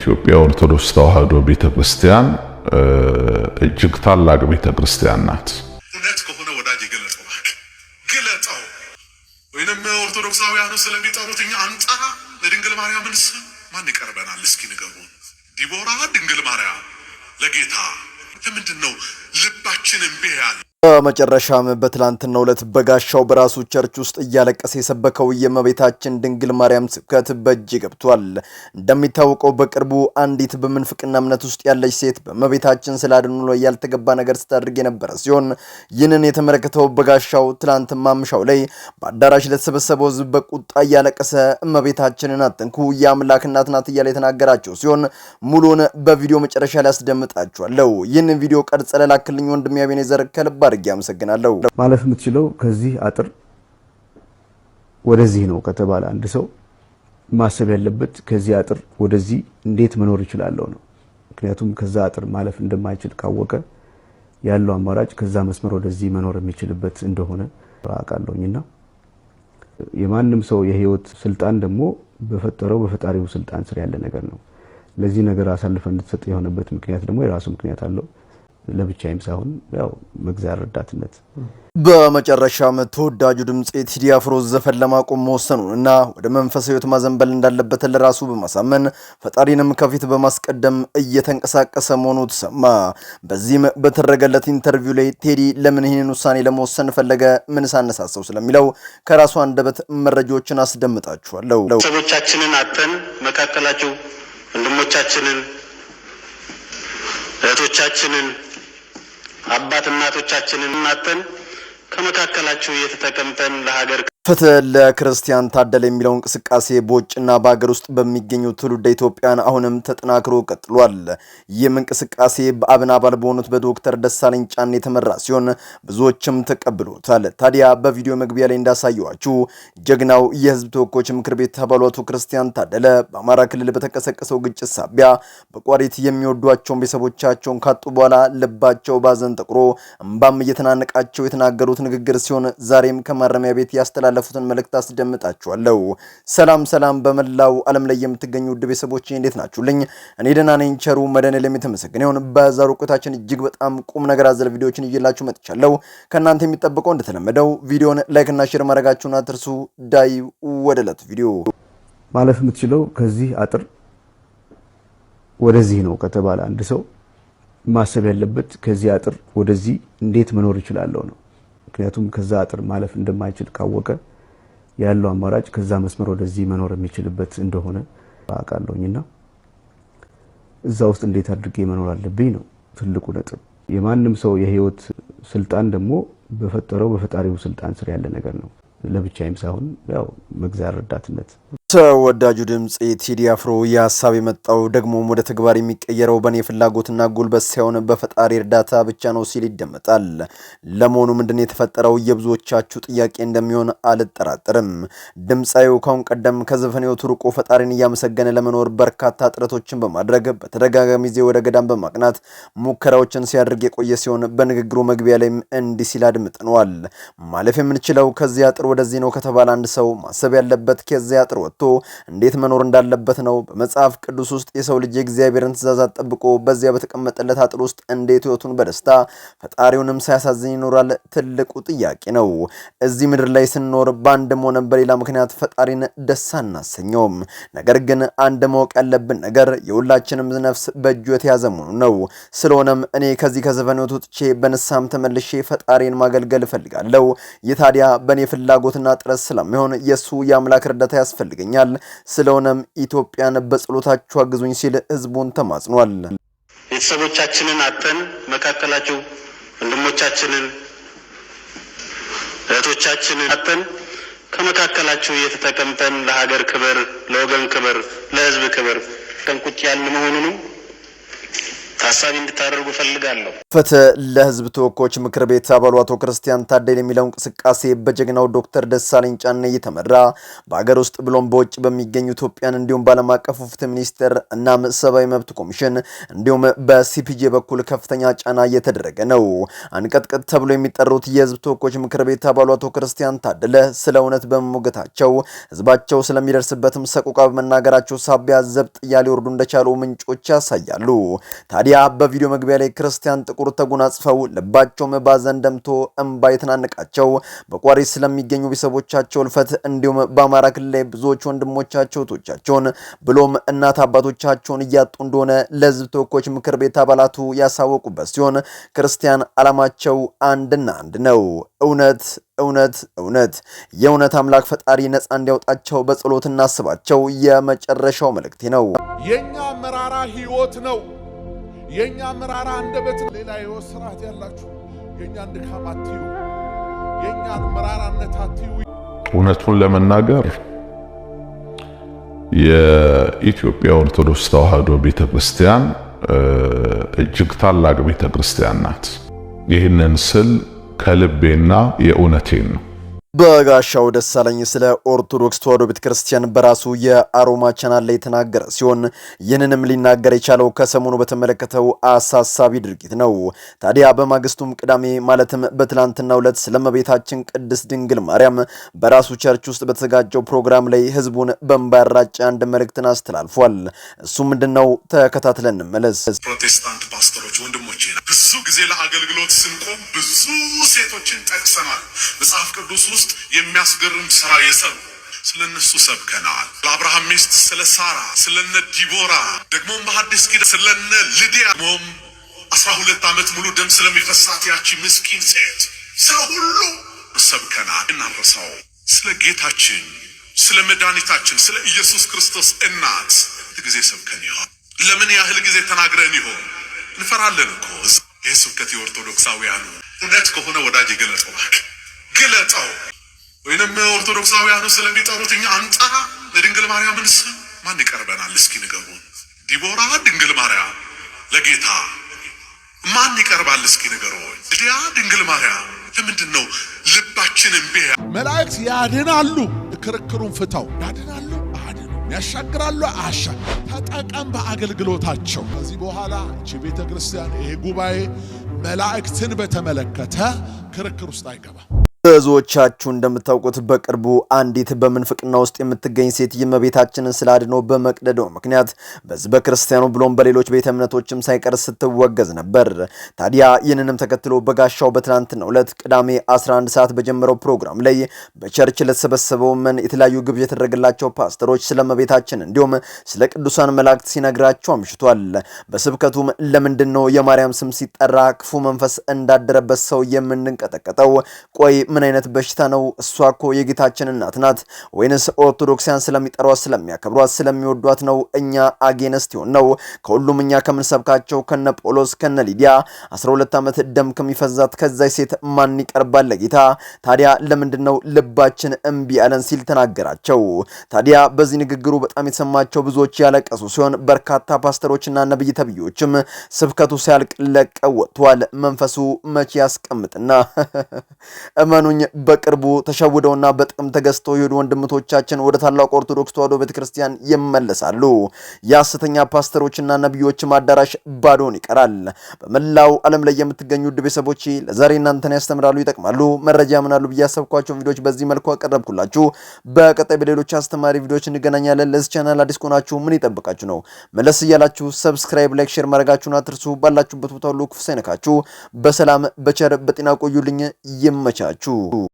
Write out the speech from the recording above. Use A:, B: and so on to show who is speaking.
A: ኢትዮጵያ ኦርቶዶክስ ተዋሕዶ ቤተ ክርስቲያን እጅግ ታላቅ ቤተ ክርስቲያን ናት።
B: እውነት ከሆነ ወዳጅ ግለጠው ግለጠው፣ ወይንም ኦርቶዶክሳውያኑ ስለሚጠሩት እኛ አንጠራ ለድንግል ማርያምን ስም ማን ይቀርበናል? እስኪ ንገሩ። ዲቦራ ድንግል ማርያም ለጌታ ለምንድን ነው ልባችን እምቢ ያለ?
C: በመጨረሻም በትላንትናው ዕለት በጋሻው በራሱ ቸርች ውስጥ እያለቀሰ የሰበከው የእመቤታችን ድንግል ማርያም ስብከት በእጅ ገብቷል። እንደሚታወቀው በቅርቡ አንዲት በምንፍቅና እምነት ውስጥ ያለች ሴት በእመቤታችን ስለ አድኑ ላይ ያልተገባ ነገር ስታደርግ የነበረ ሲሆን ይህንን የተመለከተው በጋሻው ትላንት ማምሻው ላይ በአዳራሽ ለተሰበሰበው ሕዝብ በቁጣ እያለቀሰ እመቤታችንን አትንኩ የአምላክ እናት ናት እያለ የተናገራቸው ሲሆን ሙሉን በቪዲዮ መጨረሻ ላይ አስደምጣችኋለሁ። ይህን ቪዲዮ ቀርጸ ለላክልኝ ወንድሜ አቤኔዘር ከልባ አድርጌ አመሰግናለሁ።
D: ማለፍ የምትችለው ከዚህ አጥር ወደዚህ ነው ከተባለ አንድ ሰው ማሰብ ያለበት ከዚህ አጥር ወደዚህ እንዴት መኖር ይችላለሁ ነው። ምክንያቱም ከዛ አጥር ማለፍ እንደማይችል ካወቀ ያለው አማራጭ ከዛ መስመር ወደዚህ መኖር የሚችልበት እንደሆነ አውቃለሁኝና የማንም ሰው የህይወት ስልጣን ደግሞ በፈጠረው በፈጣሪው ስልጣን ስር ያለ ነገር ነው። ለዚህ ነገር አሳልፈ እንድትሰጥ የሆነበት ምክንያት ደግሞ የራሱ ምክንያት አለው። ለብቻይም ሳይሆን ያው መግዚያ ረዳትነት
C: በመጨረሻም ተወዳጁ ድምፅ ቴዲ አፍሮ ዘፈን ለማቆም መወሰኑን እና ወደ መንፈሳዊ ማዘንበል እንዳለበት ለራሱ በማሳመን ፈጣሪንም ከፊት በማስቀደም እየተንቀሳቀሰ መሆኑ ተሰማ። በዚህም በተደረገለት ኢንተርቪው ላይ ቴዲ ለምን ይህንን ውሳኔ ለመወሰን ፈለገ፣ ምን ሳነሳሰው ስለሚለው ከራሱ አንደበት መረጃዎችን አስደምጣችኋለሁ።
E: ሰቦቻችንን አተን መካከላቸው ወንድሞቻችንን እህቶቻችንን አባት እናቶቻችንን እናተን ከመካከላችሁ የተተቀምጠን ለሀገር
C: ፍትህ ለክርስቲያን ታደለ የሚለው እንቅስቃሴ በውጭና በሀገር ውስጥ በሚገኙ ትውልደ ኢትዮጵያን አሁንም ተጠናክሮ ቀጥሏል። ይህም እንቅስቃሴ በአብን አባል በሆኑት በዶክተር ደሳለኝ ጫን የተመራ ሲሆን ብዙዎችም ተቀብሎታል። ታዲያ በቪዲዮ መግቢያ ላይ እንዳሳየዋችሁ ጀግናው የህዝብ ተወካዮች ምክር ቤት አባሉ አቶ ክርስቲያን ታደለ በአማራ ክልል በተቀሰቀሰው ግጭት ሳቢያ በቋሪት የሚወዷቸውን ቤተሰቦቻቸውን ካጡ በኋላ ልባቸው ባዘን ጠቁሮ እምባም እየተናነቃቸው የተናገሩት ንግግር ሲሆን ዛሬም ከማረሚያ ቤት ያስተላል የተላለፉትን መልእክት አስደምጣችኋለሁ። ሰላም ሰላም፣ በመላው ዓለም ላይ የምትገኙ ውድ ቤተሰቦች እንዴት ናችሁልኝ? እኔ ደህና ነኝ። ቸሩ መድኃኔዓለም የተመሰገነ ይሁን። በዛሬው ቆይታችን እጅግ በጣም ቁም ነገር አዘል ቪዲዮዎችን እየላችሁ መጥቻለሁ። ከእናንተ የሚጠበቀው እንደተለመደው ቪዲዮን ላይክና ሼር ማድረጋችሁን አትርሱ። ዳይ ወደ ዕለቱ ቪዲዮ
D: ማለፍ የምትችለው ከዚህ አጥር ወደዚህ ነው ከተባለ አንድ ሰው ማሰብ ያለበት ከዚህ አጥር ወደዚህ እንዴት መኖር ይችላለሁ ነው። ምክንያቱም ከዛ አጥር ማለፍ እንደማይችል ካወቀ ያለው አማራጭ ከዛ መስመር ወደዚህ መኖር የሚችልበት እንደሆነ አውቃለሁኝና እዛ ውስጥ እንዴት አድርጌ መኖር አለብኝ ነው ትልቁ ነጥብ። የማንም ሰው የህይወት ስልጣን ደግሞ በፈጠረው በፈጣሪው ስልጣን ስር ያለ ነገር ነው። ለብቻይም ሳይሆን ያው መግዛ ረዳትነት
C: ተወዳጁ ድምፅ ቴዲ አፍሮ የሀሳብ የመጣው ደግሞ ወደ ተግባር የሚቀየረው በእኔ ፍላጎትና ጉልበት ሳይሆን በፈጣሪ እርዳታ ብቻ ነው ሲል ይደመጣል። ለመሆኑ ምንድን የተፈጠረው የብዙዎቻችሁ ጥያቄ እንደሚሆን አልጠራጠርም። ድምፃዊው ካሁን ቀደም ከዘፈኔው ሕይወቱ ፈጣሪን እያመሰገነ ለመኖር በርካታ ጥረቶችን በማድረግ በተደጋጋሚ ጊዜ ወደ ገዳም በማቅናት ሙከራዎችን ሲያደርግ የቆየ ሲሆን በንግግሩ መግቢያ ላይም እንዲህ ሲል አድምጥነዋል። ማለፍ የምንችለው ከዚህ አጥር ወደዚህ ነው ከተባለ አንድ ሰው ማሰብ ያለበት ከዚህ አጥር ወጥቶ እንዴት መኖር እንዳለበት ነው። በመጽሐፍ ቅዱስ ውስጥ የሰው ልጅ የእግዚአብሔርን ትእዛዛት ጠብቆ በዚያ በተቀመጠለት አጥር ውስጥ እንዴት ህይወቱን በደስታ ፈጣሪውንም ሳያሳዝን ይኖራል? ትልቁ ጥያቄ ነው። እዚህ ምድር ላይ ስንኖር በአንድም ሆነ በሌላ ምክንያት ፈጣሪን ደስ አናሰኘውም። ነገር ግን አንድ ማወቅ ያለብን ነገር የሁላችንም ነፍስ በእጁ የተያዘ መሆኑ ነው። ስለሆነም እኔ ከዚህ ከዘፈን ሕይወት ወጥቼ ተመልሼ ፈጣሪን ማገልገል እፈልጋለሁ። ይህ ታዲያ በእኔ ፍላጎትና ጥረት ስለሚሆን የእሱ የአምላክ እርዳታ ያስፈልገኛል። ይገኛል። ስለሆነም ኢትዮጵያን በጸሎታችሁ አግዙኝ ሲል ህዝቡን ተማጽኗል።
E: ቤተሰቦቻችንን አተን መካከላቸው ወንድሞቻችንን እህቶቻችንን አተን ከመካከላችሁ እየተጠቀምጠን ለሀገር ክብር፣ ለወገን ክብር፣ ለህዝብ ክብር ቀንቁጭ ያለ መሆኑንም ታሳቢ እንድታደርጉ እፈልጋለሁ።
C: ፍትህ ለህዝብ ተወካዮች ምክር ቤት አባሉ አቶ ክርስቲያን ታደል የሚለው እንቅስቃሴ በጀግናው ዶክተር ደሳለኝ ጫነ እየተመራ በሀገር ውስጥ ብሎም በውጭ በሚገኙ ኢትዮጵያን እንዲሁም በዓለም አቀፉ ፍትህ ሚኒስቴር እናም ሰብአዊ መብት ኮሚሽን እንዲሁም በሲፒጄ በኩል ከፍተኛ ጫና እየተደረገ ነው። አንቀጥቅጥ ተብሎ የሚጠሩት የህዝብ ተወካዮች ምክር ቤት አባሉ አቶ ክርስቲያን ታደለ ስለ እውነት በመሞገታቸው ህዝባቸው ስለሚደርስበትም ሰቆቃ በመናገራቸው ሳቢያ ዘብጥ እያሊወርዱ እንደቻሉ ምንጮች ያሳያሉ። ታዲያ ታዲያ በቪዲዮ መግቢያ ላይ ክርስቲያን ጥቁር ተጎናጽፈው ልባቸውም ባዘን ደምቶ እምባ የተናነቃቸው በቋሪ ስለሚገኙ ቤተሰቦቻቸው እልፈት እንዲሁም በአማራ ክልል ላይ ብዙዎች ወንድሞቻቸው እህቶቻቸውን ብሎም እናት አባቶቻቸውን እያጡ እንደሆነ ለህዝብ ተወካዮች ምክር ቤት አባላቱ ያሳወቁበት ሲሆን ክርስቲያን አላማቸው አንድና አንድ ነው፣ እውነት እውነት እውነት። የእውነት አምላክ ፈጣሪ ነፃ እንዲያወጣቸው በጸሎት እናስባቸው የመጨረሻው መልእክቴ ነው።
F: የእኛ መራራ ህይወት ነው የእኛ መራራ አንደበት ሌላ የሕይወት ስርዓት ያላችሁ የእኛን ድካም አትዩ፣ የእኛን መራራነት አትዩ።
A: እውነቱን ለመናገር የኢትዮጵያ ኦርቶዶክስ ተዋህዶ ቤተ ክርስቲያን እጅግ ታላቅ ቤተ ክርስቲያን ናት። ይህንን ስል ከልቤና የእውነቴን ነው።
C: በጋሻው ደሳለኝ ስለ ኦርቶዶክስ ተዋሕዶ ቤተክርስቲያን በራሱ የአሮማ ቻናል ላይ የተናገረ ሲሆን ይህንንም ሊናገር የቻለው ከሰሞኑ በተመለከተው አሳሳቢ ድርጊት ነው። ታዲያ በማግስቱም ቅዳሜ ማለትም በትላንትናው ዕለት ስለመቤታችን ቅድስት ድንግል ማርያም በራሱ ቸርች ውስጥ በተዘጋጀው ፕሮግራም ላይ ህዝቡን በእንባ አንድ መልእክትን አስተላልፏል። እሱ ምንድን ነው? ተከታትለን እንመለስ።
B: ፕሮቴስታንት ፓስተሮች ወንድሞቼ፣ ብዙ ጊዜ ለአገልግሎት ስንቆም ብዙ ሴቶችን ጠቅሰናል መጽሐፍ ቅዱስ ውስጥ የሚያስገርም ስራ የሰሩ ስለ እነሱ ሰብከናል። ለአብርሃም ሚስት ስለ ሳራ፣ ስለነ ዲቦራ ደግሞም በሐዲስ ኪዳን ስለነ ልዲያ ሞም አስራ ሁለት ዓመት ሙሉ ደም ስለሚፈሳት ያቺ ምስኪን ሴት ስለ ሁሉ ሰብከናል። እናረሳው ስለ ጌታችን ስለ መድኃኒታችን ስለ ኢየሱስ ክርስቶስ እናት ጊዜ ሰብከን ይሆን? ለምን ያህል ጊዜ ተናግረን ይሆን? እንፈራለን እኮ ይህ ስብከት የኦርቶዶክሳውያኑ እውነት ከሆነ ወዳጅ ግለጠው፣ ግለጠው ወይንም ኦርቶዶክሳውያኑ ስለሚጠሩት እኛ አንጠራ ለድንግል ማርያም ንስ ማን ይቀርበናል? እስኪ ንገሩን። ዲቦራ ድንግል ማርያም ለጌታ ማን ይቀርባል? እስኪ ንገሩን። ልድያ ድንግል ማርያም ለምንድን ነው ልባችን እምቢ?
G: መላእክት ያድናሉ። ክርክሩን ፍታው። ያድናሉ፣ ያሻግራሉ፣ አሻ ተጠቀም በአገልግሎታቸው። ከዚህ በኋላ እቺ ቤተ ክርስቲያን ይሄ ጉባኤ መላእክትን በተመለከተ ክርክር ውስጥ አይገባም።
C: ብዙዎቻችሁ እንደምታውቁት በቅርቡ አንዲት በምንፍቅና ውስጥ የምትገኝ ሴት እመቤታችንን ስላድኖ በመቅደደው ምክንያት በዚህ በክርስቲያኑ ብሎም በሌሎች ቤተ እምነቶችም ሳይቀር ስትወገዝ ነበር። ታዲያ ይህንንም ተከትሎ በጋሻው በትናንትናው ዕለት ቅዳሜ 11 ሰዓት በጀመረው ፕሮግራም ላይ በቸርች ለተሰበሰበው መን የተለያዩ ግብዣ የተደረገላቸው ፓስተሮች ስለ እመቤታችን እንዲሁም ስለ ቅዱሳን መላእክት ሲነግራቸው አምሽቷል። በስብከቱም ለምንድን ነው የማርያም ስም ሲጠራ ክፉ መንፈስ እንዳደረበት ሰው የምንንቀጠቀጠው? ቆይ ምን አይነት በሽታ ነው? እሷ እኮ የጌታችን እናት ናት። ወይንስ ኦርቶዶክሲያን ስለሚጠሯት፣ ስለሚያከብሯት፣ ስለሚወዷት ነው እኛ አጌነስት ይሆን ነው? ከሁሉም እኛ ከምንሰብካቸው ከነ ጳውሎስ ከነ ሊዲያ 12 ዓመት ደም ከሚፈዛት ከዛች ሴት ማን ይቀርባል ለጌታ? ታዲያ ለምንድን ነው ልባችን እምቢ አለን ሲል ተናገራቸው። ታዲያ በዚህ ንግግሩ በጣም የተሰማቸው ብዙዎች ያለቀሱ ሲሆን በርካታ ፓስተሮችና ነብይ ተብዮችም ስብከቱ ሲያልቅ ለቀው ወጥተዋል። መንፈሱ መቼ ያስቀምጥና እመኑኝ በቅርቡ ተሸውደውና በጥቅም ተገዝተው የሄዱ ወንድምቶቻችን ወደ ታላቁ ኦርቶዶክስ ተዋሕዶ ቤተክርስቲያን ይመለሳሉ። የሐሰተኛ ፓስተሮችና ነቢዮች አዳራሽ ባዶን ይቀራል። በመላው ዓለም ላይ የምትገኙ ውድ ቤተሰቦች ለዛሬ እናንተን ያስተምራሉ፣ ይጠቅማሉ፣ መረጃ ያምናሉ ብዬ ያሰብኳቸውን ቪዲዮዎች በዚህ መልኩ አቀረብኩላችሁ። በቀጣይ በሌሎች አስተማሪ ቪዲዮዎች እንገናኛለን። ለዚህ ቻናል አዲስ ከሆናችሁ ምን ይጠብቃችሁ ነው? መለስ እያላችሁ ሰብስክራይብ፣ ላይክ፣ ሼር ማድረጋችሁን አትርሱ። ባላችሁበት ቦታ ሁሉ ክፉ ሳይነካችሁ በሰላም በቸር በጤና ቆዩልኝ። ይመቻችሁ። two.